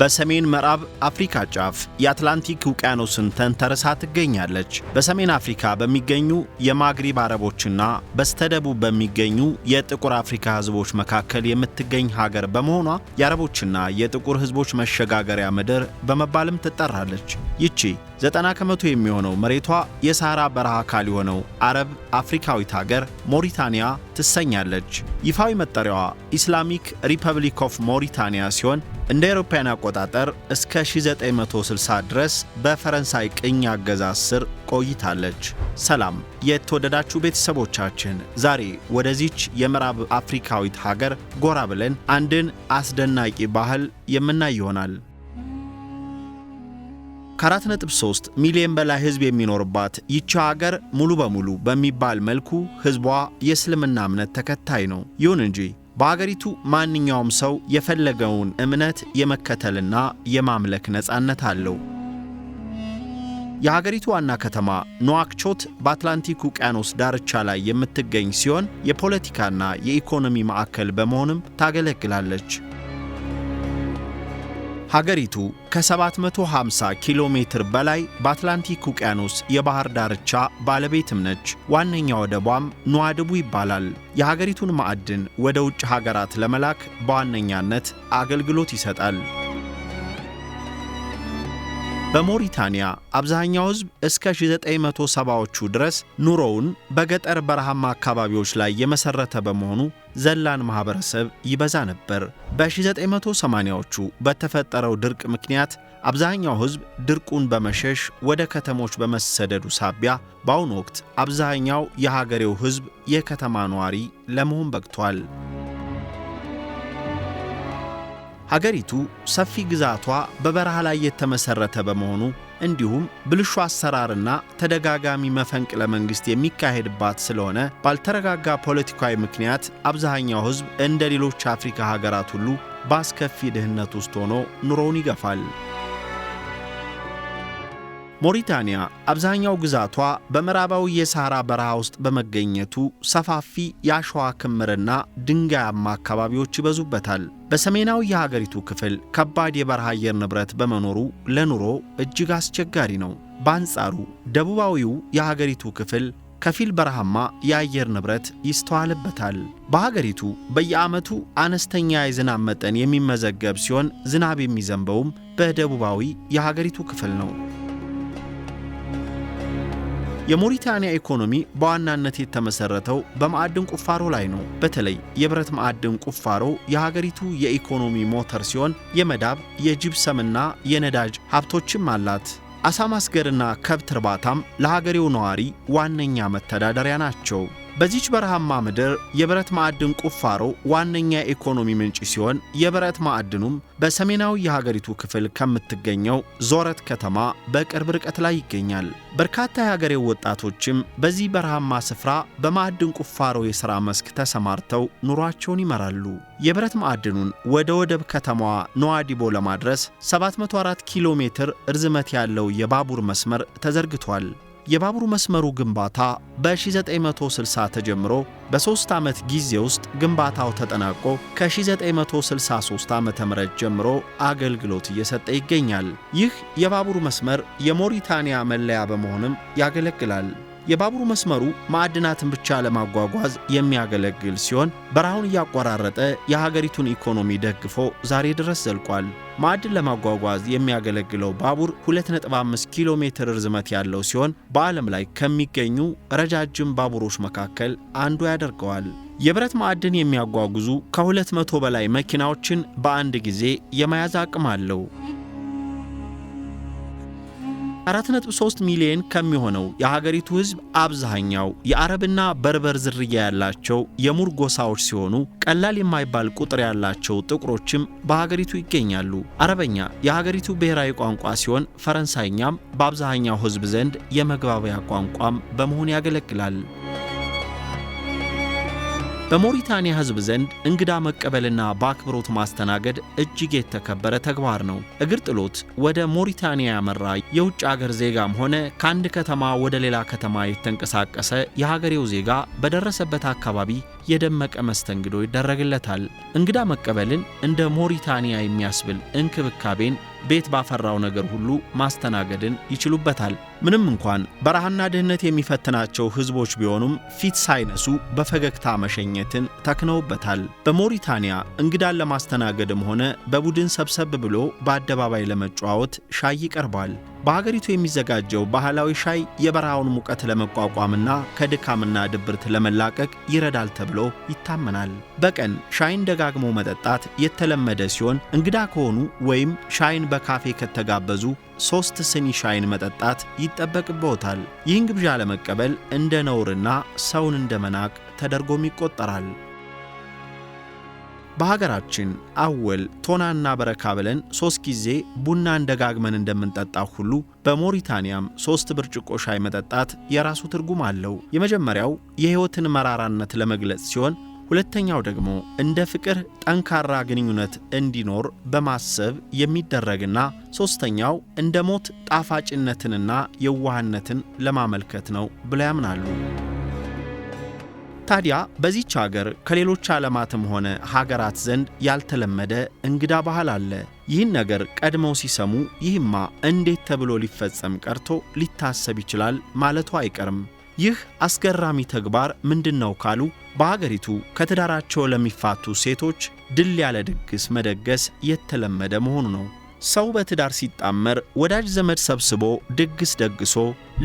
በሰሜን ምዕራብ አፍሪካ ጫፍ የአትላንቲክ ውቅያኖስን ተንተርሳ ትገኛለች። በሰሜን አፍሪካ በሚገኙ የማግሪብ አረቦችና በስተደቡብ በሚገኙ የጥቁር አፍሪካ ህዝቦች መካከል የምትገኝ ሀገር በመሆኗ የአረቦችና የጥቁር ህዝቦች መሸጋገሪያ ምድር በመባልም ትጠራለች። ይቺ ዘጠና ከመቶ የሚሆነው መሬቷ የሳራ በረሃ አካል የሆነው አረብ አፍሪካዊት ሀገር ሞሪታንያ ትሰኛለች። ይፋዊ መጠሪያዋ ኢስላሚክ ሪፐብሊክ ኦፍ ሞሪታንያ ሲሆን እንደ አውሮፓውያን አቆጣጠር እስከ 1960 ድረስ በፈረንሳይ ቅኝ አገዛዝ ስር ቆይታለች። ሰላም የተወደዳችሁ ቤተሰቦቻችን፣ ዛሬ ወደዚች የምዕራብ አፍሪካዊት ሀገር ጎራ ብለን አንድን አስደናቂ ባህል የምናይ ይሆናል። ከ4.3 ሚሊዮን በላይ ህዝብ የሚኖርባት ይቺ ሀገር ሙሉ በሙሉ በሚባል መልኩ ህዝቧ የእስልምና እምነት ተከታይ ነው። ይሁን እንጂ በአገሪቱ ማንኛውም ሰው የፈለገውን እምነት የመከተልና የማምለክ ነፃነት አለው። የሀገሪቱ ዋና ከተማ ኖዋክቾት በአትላንቲክ ውቅያኖስ ዳርቻ ላይ የምትገኝ ሲሆን የፖለቲካና የኢኮኖሚ ማዕከል በመሆንም ታገለግላለች። ሀገሪቱ ከ750 ኪሎ ሜትር በላይ በአትላንቲክ ውቅያኖስ የባህር ዳርቻ ባለቤትም ነች። ዋነኛ ወደቧም ኑዋድቡ ይባላል። የሀገሪቱን ማዕድን ወደ ውጭ ሀገራት ለመላክ በዋነኛነት አገልግሎት ይሰጣል። በሞሪታንያ አብዛኛው ሕዝብ እስከ 1970ዎቹ ድረስ ኑሮውን በገጠር በረሃማ አካባቢዎች ላይ የመሠረተ በመሆኑ ዘላን ማኅበረሰብ ይበዛ ነበር። በ1980ዎቹ በተፈጠረው ድርቅ ምክንያት አብዛኛው ሕዝብ ድርቁን በመሸሽ ወደ ከተሞች በመሰደዱ ሳቢያ በአሁኑ ወቅት አብዛኛው የሀገሬው ሕዝብ የከተማ ነዋሪ ለመሆን በቅቷል። ሀገሪቱ ሰፊ ግዛቷ በበረሃ ላይ የተመሠረተ በመሆኑ እንዲሁም ብልሹ አሰራርና ተደጋጋሚ መፈንቅለ መንግሥት የሚካሄድባት ስለሆነ ባልተረጋጋ ፖለቲካዊ ምክንያት አብዛኛው ሕዝብ እንደ ሌሎች አፍሪካ ሀገራት ሁሉ በአስከፊ ድህነት ውስጥ ሆኖ ኑሮውን ይገፋል። ሞሪታንያ አብዛኛው ግዛቷ በምዕራባዊ የሳራ በረሃ ውስጥ በመገኘቱ ሰፋፊ የአሸዋ ክምርና ድንጋያማ አካባቢዎች ይበዙበታል። በሰሜናዊ የሀገሪቱ ክፍል ከባድ የበረሃ አየር ንብረት በመኖሩ ለኑሮ እጅግ አስቸጋሪ ነው። በአንጻሩ ደቡባዊው የሀገሪቱ ክፍል ከፊል በረሃማ የአየር ንብረት ይስተዋልበታል። በሀገሪቱ በየዓመቱ አነስተኛ የዝናብ መጠን የሚመዘገብ ሲሆን ዝናብ የሚዘንበውም በደቡባዊ የሀገሪቱ ክፍል ነው። የሞሪታንያ ኢኮኖሚ በዋናነት የተመሰረተው በማዕድን ቁፋሮ ላይ ነው። በተለይ የብረት ማዕድን ቁፋሮ የሀገሪቱ የኢኮኖሚ ሞተር ሲሆን የመዳብ የጅብሰምና የነዳጅ ሀብቶችም አላት። አሳ ማስገርና ከብት እርባታም ለሀገሬው ነዋሪ ዋነኛ መተዳደሪያ ናቸው። በዚች በረሃማ ምድር የብረት ማዕድን ቁፋሮ ዋነኛ የኢኮኖሚ ምንጭ ሲሆን የብረት ማዕድኑም በሰሜናዊ የሀገሪቱ ክፍል ከምትገኘው ዞረት ከተማ በቅርብ ርቀት ላይ ይገኛል። በርካታ የሀገሬው ወጣቶችም በዚህ በረሃማ ስፍራ በማዕድን ቁፋሮ የሥራ መስክ ተሰማርተው ኑሯቸውን ይመራሉ። የብረት ማዕድኑን ወደ ወደብ ከተማዋ ነዋዲቦ ለማድረስ 704 ኪሎ ሜትር ርዝመት ያለው የባቡር መስመር ተዘርግቷል። የባቡር መስመሩ ግንባታ በ1960 ተጀምሮ በሦስት ዓመት ጊዜ ውስጥ ግንባታው ተጠናቆ ከ1963 ዓ ም ጀምሮ አገልግሎት እየሰጠ ይገኛል። ይህ የባቡር መስመር የሞሪታንያ መለያ በመሆንም ያገለግላል። የባቡር መስመሩ ማዕድናትን ብቻ ለማጓጓዝ የሚያገለግል ሲሆን በረሃውን እያቋራረጠ የሀገሪቱን ኢኮኖሚ ደግፎ ዛሬ ድረስ ዘልቋል። ማዕድን ለማጓጓዝ የሚያገለግለው ባቡር 2.5 ኪሎ ሜትር ርዝመት ያለው ሲሆን በዓለም ላይ ከሚገኙ ረጃጅም ባቡሮች መካከል አንዱ ያደርገዋል። የብረት ማዕድን የሚያጓጉዙ ከ200 በላይ መኪናዎችን በአንድ ጊዜ የመያዝ አቅም አለው። 4.3 ሚሊዮን ከሚሆነው የሀገሪቱ ህዝብ አብዛኛው የአረብና በርበር ዝርያ ያላቸው የሙር ጎሳዎች ሲሆኑ ቀላል የማይባል ቁጥር ያላቸው ጥቁሮችም በሀገሪቱ ይገኛሉ። አረበኛ የሀገሪቱ ብሔራዊ ቋንቋ ሲሆን ፈረንሳይኛም በአብዛኛው ህዝብ ዘንድ የመግባቢያ ቋንቋም በመሆን ያገለግላል። በሞሪታንያ ሕዝብ ዘንድ እንግዳ መቀበልና በአክብሮት ማስተናገድ እጅግ የተከበረ ተግባር ነው። እግር ጥሎት ወደ ሞሪታንያ ያመራ የውጭ አገር ዜጋም ሆነ ከአንድ ከተማ ወደ ሌላ ከተማ የተንቀሳቀሰ የሀገሬው ዜጋ በደረሰበት አካባቢ የደመቀ መስተንግዶ ይደረግለታል። እንግዳ መቀበልን እንደ ሞሪታንያ የሚያስብል እንክብካቤን ቤት ባፈራው ነገር ሁሉ ማስተናገድን ይችሉበታል። ምንም እንኳን በረሃና ድህነት የሚፈትናቸው ሕዝቦች ቢሆኑም ፊት ሳይነሱ በፈገግታ መሸኘትን ተክነውበታል። በሞሪታንያ እንግዳን ለማስተናገድም ሆነ በቡድን ሰብሰብ ብሎ በአደባባይ ለመጨዋወት ሻይ ይቀርባል። በሀገሪቱ የሚዘጋጀው ባህላዊ ሻይ የበረሃውን ሙቀት ለመቋቋምና ከድካምና ድብርት ለመላቀቅ ይረዳል ተብሎ ይታመናል። በቀን ሻይን ደጋግሞ መጠጣት የተለመደ ሲሆን እንግዳ ከሆኑ ወይም ሻይን በካፌ ከተጋበዙ ሶስት ስኒ ሻይን መጠጣት ይጠበቅብዎታል። ይህን ግብዣ ለመቀበል እንደ ነውርና ሰውን እንደ መናቅ ተደርጎም ይቆጠራል። በሀገራችን አወል ቶናና በረካ ብለን ሶስት ጊዜ ቡናን ደጋግመን እንደምንጠጣ ሁሉ በሞሪታንያም ሶስት ብርጭቆ ሻይ መጠጣት የራሱ ትርጉም አለው። የመጀመሪያው የሕይወትን መራራነት ለመግለጽ ሲሆን፣ ሁለተኛው ደግሞ እንደ ፍቅር ጠንካራ ግንኙነት እንዲኖር በማሰብ የሚደረግና ሦስተኛው እንደ ሞት ጣፋጭነትንና የዋህነትን ለማመልከት ነው ብለው ያምናሉ። ታዲያ በዚች ሀገር ከሌሎች ዓለማትም ሆነ ሀገራት ዘንድ ያልተለመደ እንግዳ ባህል አለ። ይህን ነገር ቀድመው ሲሰሙ ይህማ እንዴት ተብሎ ሊፈጸም ቀርቶ ሊታሰብ ይችላል ማለቱ አይቀርም። ይህ አስገራሚ ተግባር ምንድን ነው ካሉ በሀገሪቱ ከትዳራቸው ለሚፋቱ ሴቶች ድል ያለ ድግስ መደገስ የተለመደ መሆኑ ነው። ሰው በትዳር ሲጣመር ወዳጅ ዘመድ ሰብስቦ ድግስ ደግሶ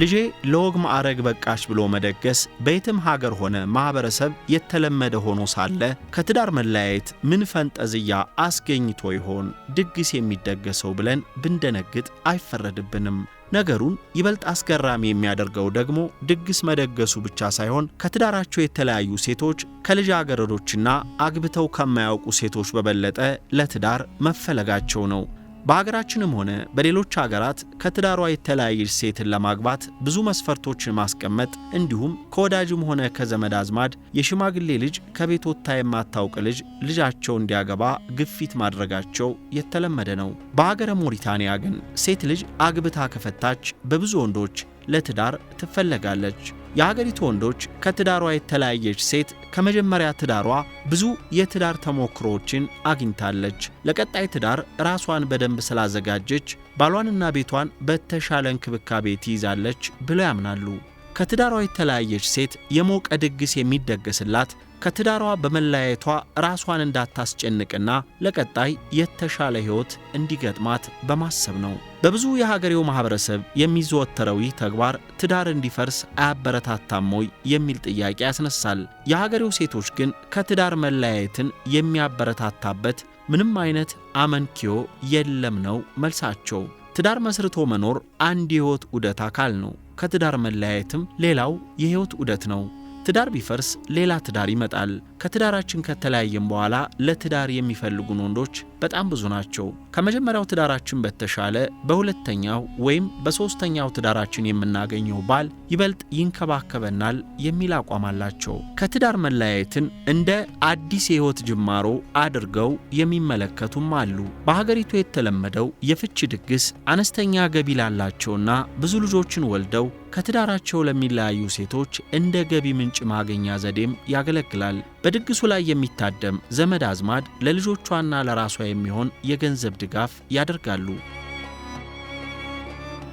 ልጄ ለወግ ማዕረግ በቃሽ ብሎ መደገስ በየትም ሀገር ሆነ ማኅበረሰብ የተለመደ ሆኖ ሳለ ከትዳር መለያየት ምን ፈንጠዝያ አስገኝቶ ይሆን ድግስ የሚደገሰው ብለን ብንደነግጥ አይፈረድብንም። ነገሩን ይበልጥ አስገራሚ የሚያደርገው ደግሞ ድግስ መደገሱ ብቻ ሳይሆን ከትዳራቸው የተለያዩ ሴቶች ከልጃገረዶችና አግብተው ከማያውቁ ሴቶች በበለጠ ለትዳር መፈለጋቸው ነው። በሀገራችንም ሆነ በሌሎች ሀገራት ከትዳሯ የተለያየች ሴትን ለማግባት ብዙ መስፈርቶችን ማስቀመጥ እንዲሁም ከወዳጅም ሆነ ከዘመድ አዝማድ የሽማግሌ ልጅ ከቤት ወጥታ የማታውቅ ልጅ ልጃቸው እንዲያገባ ግፊት ማድረጋቸው የተለመደ ነው። በሀገረ ሞሪታንያ ግን ሴት ልጅ አግብታ ከፈታች በብዙ ወንዶች ለትዳር ትፈለጋለች። የሀገሪቱ ወንዶች ከትዳሯ የተለያየች ሴት ከመጀመሪያ ትዳሯ ብዙ የትዳር ተሞክሮዎችን አግኝታለች። ለቀጣይ ትዳር ራሷን በደንብ ስላዘጋጀች ባሏንና ቤቷን በተሻለ እንክብካቤ ትይዛለች ብለው ያምናሉ። ከትዳሯ የተለያየች ሴት የሞቀ ድግስ የሚደገስላት ከትዳሯ በመለያየቷ ራሷን እንዳታስጨንቅና ለቀጣይ የተሻለ ሕይወት እንዲገጥማት በማሰብ ነው። በብዙ የሀገሬው ማኅበረሰብ የሚዘወተረው ይህ ተግባር ትዳር እንዲፈርስ አያበረታታም ወይ የሚል ጥያቄ ያስነሳል። የሀገሬው ሴቶች ግን ከትዳር መለያየትን የሚያበረታታበት ምንም አይነት አመንኪዮ የለም ነው መልሳቸው። ትዳር መስርቶ መኖር አንድ የሕይወት ዑደት አካል ነው። ከትዳር መለያየትም ሌላው የሕይወት ዑደት ነው። ትዳር ቢፈርስ ሌላ ትዳር ይመጣል። ከትዳራችን ከተለያየም በኋላ ለትዳር የሚፈልጉን ወንዶች በጣም ብዙ ናቸው። ከመጀመሪያው ትዳራችን በተሻለ በሁለተኛው ወይም በሶስተኛው ትዳራችን የምናገኘው ባል ይበልጥ ይንከባከበናል የሚል አቋም አላቸው። ከትዳር መለያየትን እንደ አዲስ የህይወት ጅማሮ አድርገው የሚመለከቱም አሉ። በሀገሪቱ የተለመደው የፍቺ ድግስ አነስተኛ ገቢ ላላቸውና ብዙ ልጆችን ወልደው ከትዳራቸው ለሚለያዩ ሴቶች እንደ ገቢ ምንጭ ማገኛ ዘዴም ያገለግላል። በድግሱ ላይ የሚታደም ዘመድ አዝማድ ለልጆቿና ለራሷ የሚሆን የገንዘብ ድጋፍ ያደርጋሉ።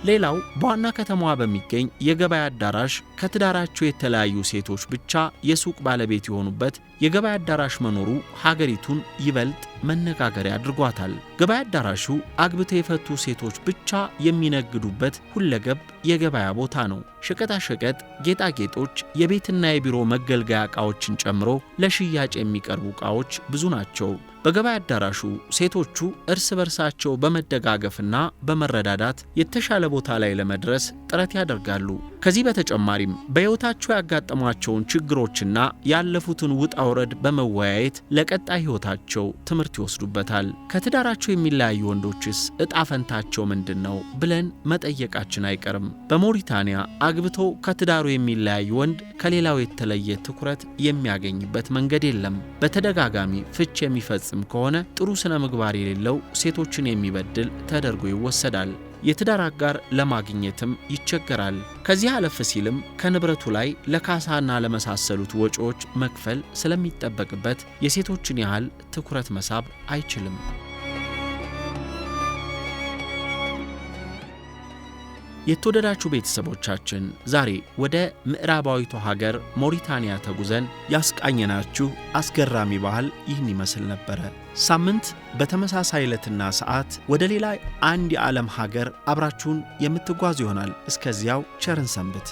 ሌላው በዋና ከተማዋ በሚገኝ የገበያ አዳራሽ ከትዳራቸው የተለያዩ ሴቶች ብቻ የሱቅ ባለቤት የሆኑበት የገበያ አዳራሽ መኖሩ ሀገሪቱን ይበልጥ መነጋገሪያ አድርጓታል። ገበያ አዳራሹ አግብተው የፈቱ ሴቶች ብቻ የሚነግዱበት ሁለገብ የገበያ ቦታ ነው። ሸቀጣሸቀጥ፣ ጌጣጌጦች፣ የቤትና የቢሮ መገልገያ ዕቃዎችን ጨምሮ ለሽያጭ የሚቀርቡ ዕቃዎች ብዙ ናቸው። በገበያ አዳራሹ ሴቶቹ እርስ በርሳቸው በመደጋገፍና በመረዳዳት የተሻለ ቦታ ላይ ለመድረስ ጥረት ያደርጋሉ። ከዚህ በተጨማሪም በሕይወታቸው ያጋጠሟቸውን ችግሮችና ያለፉትን ውጣ ውረድ በመወያየት ለቀጣይ ሕይወታቸው ትምህርት ይወስዱበታል። ከትዳራቸው የሚለያዩ ወንዶችስ እጣፈንታቸው ፈንታቸው ምንድን ነው ብለን መጠየቃችን አይቀርም። በሞሪታንያ አግብቶ ከትዳሩ የሚለያይ ወንድ ከሌላው የተለየ ትኩረት የሚያገኝበት መንገድ የለም። በተደጋጋሚ ፍች የሚፈጽም ከሆነ ጥሩ ስነ ምግባር የሌለው ሴቶችን የሚበድል ተደርጎ ይወሰዳል። የትዳር አጋር ለማግኘትም ይቸገራል። ከዚህ አለፍ ሲልም ከንብረቱ ላይ ለካሳና ለመሳሰሉት ወጪዎች መክፈል ስለሚጠበቅበት የሴቶችን ያህል ትኩረት መሳብ አይችልም። የተወደዳችሁ ቤተሰቦቻችን ዛሬ ወደ ምዕራባዊቱ ሀገር ሞሪታንያ ተጉዘን ያስቃኘናችሁ አስገራሚ ባህል ይህን ይመስል ነበረ። ሳምንት በተመሳሳይ ዕለትና ሰዓት ወደ ሌላ አንድ የዓለም ሀገር አብራችሁን የምትጓዙ ይሆናል። እስከዚያው ቸርን ሰንብት።